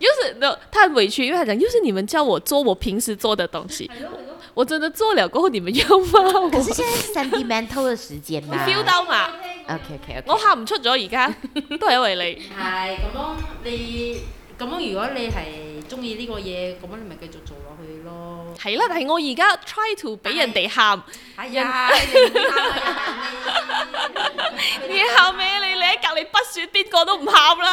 又是他委屈，因為他講，又是你們叫我做我平時做的東西，我真的做了過後，你們又罵我。唔係，現在 sentimental 嘅時間你 feel 到嘛。OK OK 我喊唔出咗而家，都係因為你。係，咁樣你，咁樣如果你係中意呢個嘢，咁樣你咪繼續做落去咯。係啦，但係我而家 try to 俾人哋喊。係啊，你喊，咩？然後尾你你喺隔籬不說，邊個都唔喊啦。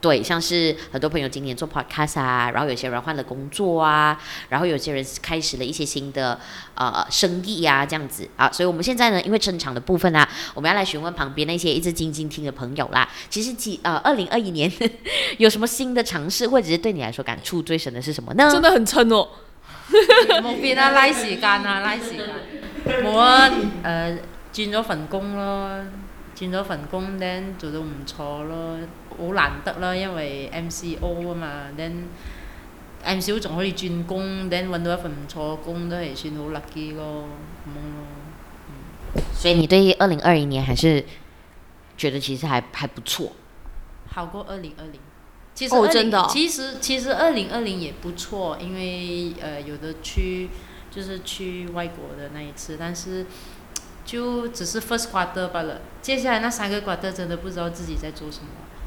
對，像是很多朋友今年做 podcast 啊，然後有些人換了工作啊，然後有些人開始了一些新的呃生意呀、啊，這樣子啊，所以我們現在呢，因為撐場的部分啊，我們要來詢問旁邊那些一直靜靜聽的朋友啦。其實，幾呃，二零二一年有什麼新的嘗試，或者是對你來說感觸最深的是什麼呢？真的很撐哦。冇 必要啊！嘥時間啊！嘥時間！我呃轉咗份工咯，轉咗份工 then 做到唔錯咯。好難得啦，因為 MCO 啊嘛，then MCO 仲可以轉工，then 揾到一份唔錯嘅工都係算好 lucky 嘅咯，咁、嗯、咯。所以,所以你對二零二一年還是覺得其實還還不錯，好過二零二零。其實二零、哦哦、其實其實二零二零也不錯，因為誒、呃、有的去就是去外國的那一次，但是就只是 first quarter 罷了，接下來那三個 quarter 真的不知道自己在做什麼。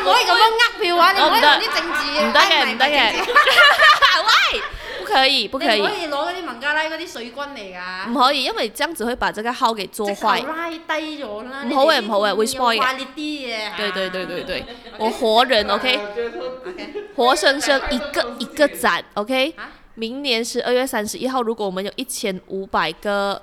唔可以咁樣呃票啊！你唔可以同啲政治拉，唔得嘅，唔得嘅，喂，不可以，不可以。你唔可以攞嗰啲孟加拉嗰啲水軍嚟噶。唔可以，因為這樣子會把這個號給做壞。低咗啦。唔好嘅，唔好嘅 WeChat quality。我活人，OK，活生生一個一個斬，OK。明年十二月三十一號，如果我們有一千五百個。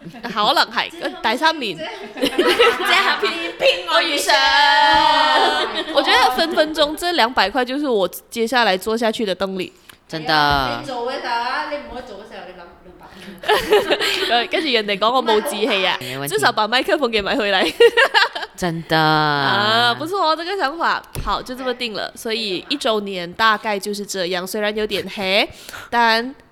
可能係第三年， 名我遇上。 我覺得分分鐘這兩百塊就是我接下來做下去的動力。真的。 哎、你做嘅你唔可以做你諗兩百蚊。誒 跟住人哋講我冇志氣啊，麥，啊至少把麥克風給買回來。 真的。啊，不錯，哦，這個想法，好，就這麼定了。所以一周年大概就是這樣，雖然有點黑，但。